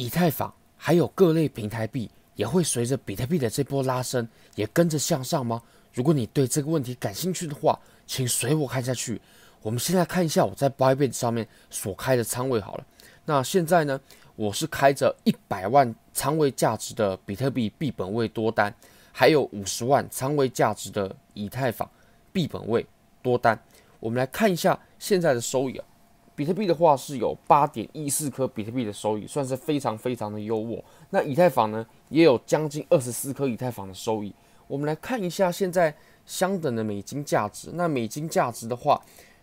以太坊還有各類平台幣也會隨着比特幣的這波拉升也跟着向上嗎？如果你對這個問題感興趣的話，請隨我看下去。我們現在看一下我在 Bybit 上面所開的倉位好了。那現在呢，我是開着一百萬倉位價值的比特幣幣本位多單，還有五十萬倉位價值的以太坊幣本位多單。我們來看一下現在的收益啊。比特幣的話是有八點一四顆比特幣的收益，算是非常非常的優渥。那以太坊呢，也有將近二十四顆以太坊的收益。我們來看一下現在相等的美金價值。那美金價值的話，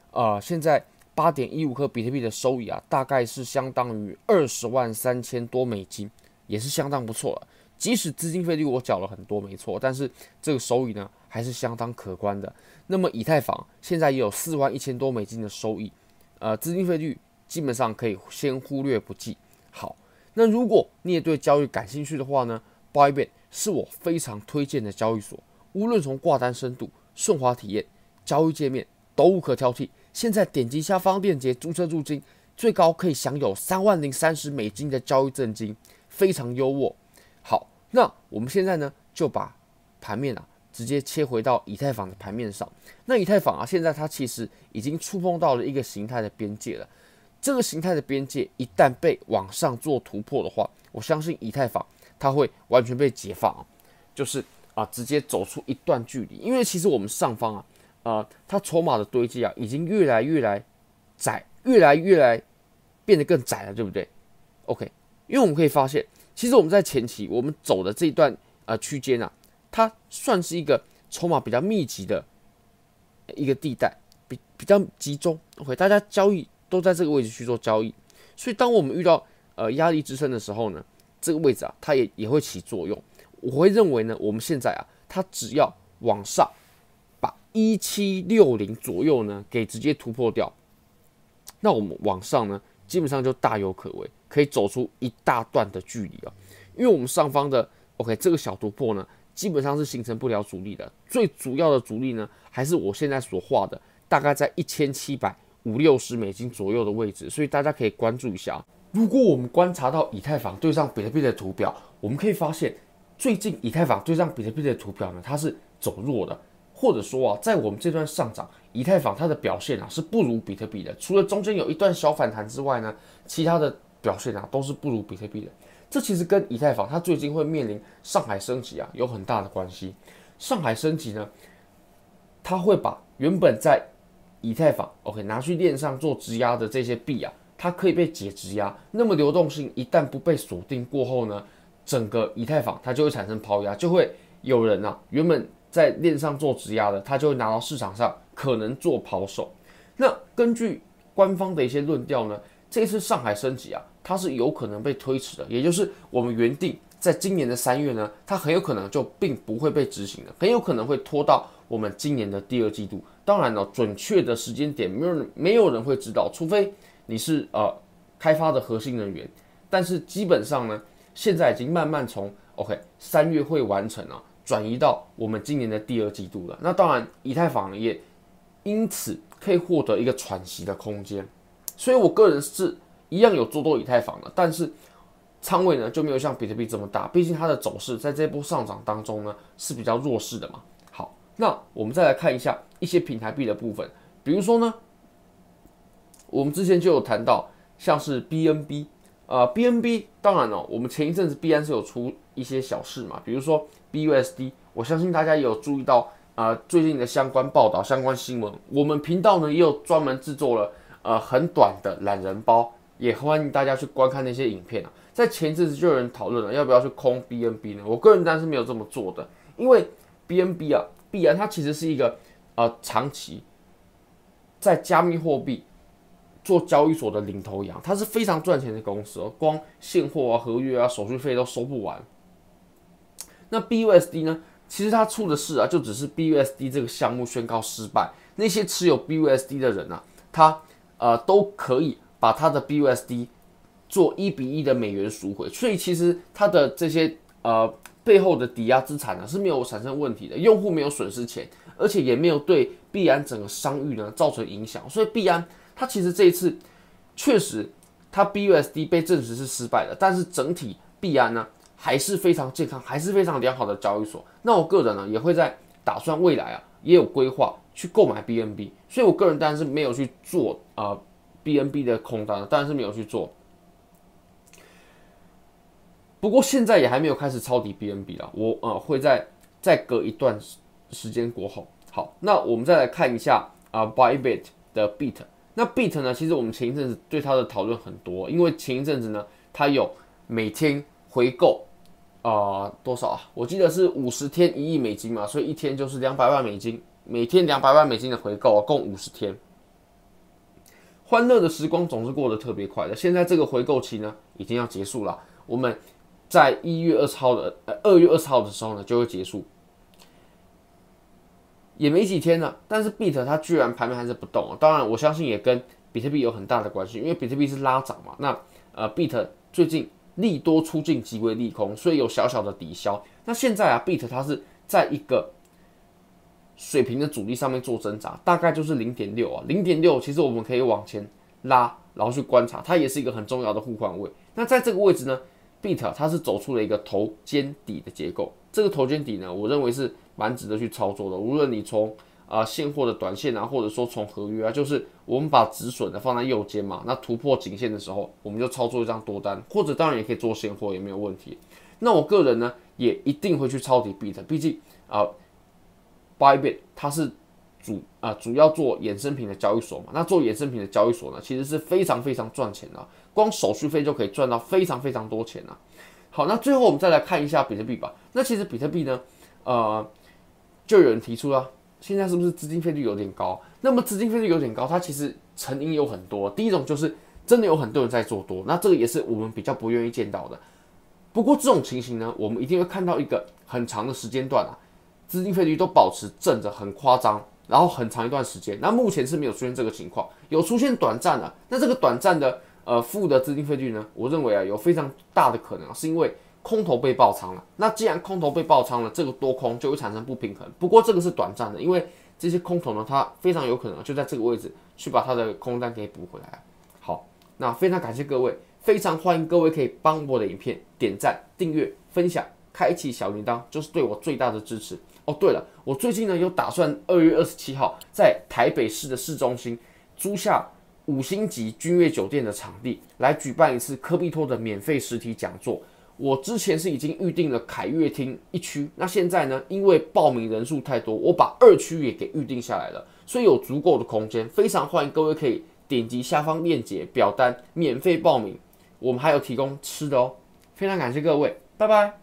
呃，現在八點一五顆比特幣的收益啊，大概是相當於二十萬三千多美金，也是相當不錯了。即使資金費率我繳了很多，沒錯，但是這個收益呢，還是相當可觀的。那麼以太坊現在也有四萬一千多美金的收益。呃，資金費率基本上可以先忽略不計。好，那如果你也對交易感興趣的話呢，Bybit 是我非常推薦的交易所，無論從掛單深度、順滑體驗、交易界面都無可挑剔。現在點擊下方鏈接注冊入金，最高可以享有三萬零三十美金的交易贈金，非常優渥。好，那我們現在呢就把盤面啊。直接切回到以太坊的盤面上，那以太坊啊，現在它其實已經觸碰到了一個形態的邊界了。這個形態的邊界一旦被往上做突破的話，我相信以太坊它會完全被解放啊，就是啊，直接走出一段距離。因為其實我們上方啊，啊，呃，它籌碼的堆積啊，已經越來越來窄，越來越來變得更窄了，對不對？OK，因為我們可以發現，其實我們在前期我們走的這一段啊，呃，區間啊。它算是一個籌碼比較密集的一個地帶，比比較集中，OK，大家交易都在這個位置去做交易。所以，當我們遇到呃壓力支撐的時候呢，這個位置啊，它也也會起作用。我會認為呢，我們現在啊，它只要往上把一七六零左右呢給直接突破掉，那我們往上呢，基本上就大有可為，可以走出一大段的距離啊。因為我們上方的 OK 這個小突破呢。基本上是形成不了阻力的，最主要的阻力呢，還是我現在所畫的，大概在一千七百五六十美金左右的位置，所以大家可以關注一下啊。如果我們觀察到以太坊對上比特幣的圖表，我們可以發現，最近以太坊對上比特幣的圖表呢，它是走弱的，或者說啊，在我們這段上漲，以太坊它的表現啊是不如比特幣的，除了中間有一段小反彈之外呢，其他的。表現啊，都是不如比特幣的。這其實跟以太坊它最近會面臨上海升級啊，有很大的關係。上海升級呢，它會把原本在以太坊 OK 拿去鏈上做質押的這些幣啊，它可以被解質押。那麼流動性一旦不被鎖定過後呢，整個以太坊它就會產生拋壓，就會有人啊，原本在鏈上做質押的，他就會拿到市場上可能做拋售。那根據官方的一些論調呢？這一次上海升級啊，它是有可能被推遲的，也就是我們原定在今年的三月呢，它很有可能就並不會被執行了，很有可能會拖到我們今年的第二季度。當然了，哦，準確的時間點沒有人沒有人會知道，除非你是呃開發的核心人員。但是基本上呢，現在已經慢慢從 OK 三月會完成了，啊，轉移到我們今年的第二季度了。那當然，以太坊也因此可以獲得一個喘息的空間。所以，我個人是一樣有做多以太坊的，但是倉位呢就沒有像比特幣這麼大。畢竟它的走勢在這一波上漲當中呢是比較弱勢的嘛。好，那我們再來看一下一些平台幣的部分，比如說呢，我們之前就有談到像是 BNB，啊、呃，BNB 當然了哦，我們前一陣子必然是有出一些小事嘛，比如說 BUSD，我相信大家也有注意到啊、呃，最近的相關報道、相關新聞，我們頻道呢也有專門制作了。呃，很短的懶人包，也歡迎大家去觀看那些影片啊。在前陣子就有人討論了，要不要去空 BNB 呢？我個人當然是沒有這麼做的，因為 BNB 啊必然它其實是一個呃長期在加密貨幣做交易所的領頭羊，它是非常賺錢的公司哦，光現貨啊、合約啊、手續費都收不完。那 BUSD 呢，其實它出的事啊，就只是 BUSD 這個項目宣告失敗，那些持有 BUSD 的人啊，他。呃，都可以把它的 BUSD 做一比一的美元贖回，所以其實它的這些呃背後的抵押資產呢是沒有產生問題的，用戶沒有損失錢，而且也沒有對幣安整個商譽呢造成影響，所以幣安它其實這一次確實它 BUSD 被證實是失敗的，但是整體幣安呢還是非常健康，還是非常良好的交易所。那我個人呢也會在打算未來啊也有規劃。去購買 B N B，所以我個人當然是沒有去做啊、呃、B N B 的空單，當然是沒有去做。不過現在也還沒有開始抄底 B N B 了，我啊、呃、會在再，再隔一段時間過後。好，那我們再來看一下啊、呃、Bybit 的 Bit，那 Bit 呢，其實我們前一陣子對它的討論很多，因為前一陣子呢，它有每天回購啊、呃、多少啊，我記得是五十天一億美金嘛，所以一天就是兩百萬美金。每天兩百萬美金的回購啊，共五十天。歡樂的時光總是過得特別快的。現在這個回購期呢，已經要結束了。我們在一月二十號的呃二月二十號的時候呢，就會結束，也沒幾天了。但是 bit 它居然盤面還是不動啊。當然，我相信也跟比特幣有很大的關係，因為比特幣是拉漲嘛。那呃，bit 最近利多出盡，即為利空，所以有小小的抵消。那現在啊，bit 它是在一個。水平的阻力上面做掙扎，大概就是零點六啊，零點六其實我們可以往前拉，然後去觀察，它也是一個很重要的互換位。那在這個位置呢，beat 它是走出了一個頭肩底的結構，這個頭肩底呢，我認為是蠻值得去操作的。無論你從啊、呃、現貨的短線啊，或者說從合約啊，就是我們把止損的放在右肩嘛，那突破頸線的時候，我們就操作一張多單，或者當然也可以做現貨，也沒有問題。那我個人呢，也一定會去抄底 beat，畢竟啊。呃 Bybit 它是主啊、呃、主要做衍生品的交易所嘛，那做衍生品的交易所呢，其實是非常非常賺錢的、啊，光手續費就可以賺到非常非常多錢吶、啊。好，那最後我們再來看一下比特幣吧。那其實比特幣呢，呃，就有人提出了、啊，現在是不是資金費率有點高？那麼資金費率有點高，它其實成因有很多。第一種就是真的有很多人在做多，那這個也是我們比較不願意見到的。不過這種情形呢，我們一定會看到一個很長的時間段啊。資金費率都保持正着，很誇張，然後很長一段時間。那目前是沒有出現這個情況，有出現短暫的啊，那這個短暫的呃負的資金費率呢，我認為啊，有非常大的可能是因為空頭被爆倉了，那既然空頭被爆倉了，這個多空就會產生不平衡，不過這個是短暫的，因為這些空頭呢，它非常有可能就在這個位置去把它的空單給補回來。好，那非常感謝各位，非常歡迎各位可以幫我的影片點讚、訂閱、分享。開啟小鈴鐺就是對我最大的支持哦。對了，我最近呢有打算二月二十七號在台北市的市中心租下五星級君悅酒店的場地，來舉辦一次科碧托的免費實體講座。我之前是已經預定了凱悅廳一區，那現在呢，因為報名人數太多，我把二區也給預定下來了，所以有足夠的空間，非常歡迎各位可以點擊下方鏈接表單免費報名。我們還有提供吃的哦，非常感謝各位，拜拜。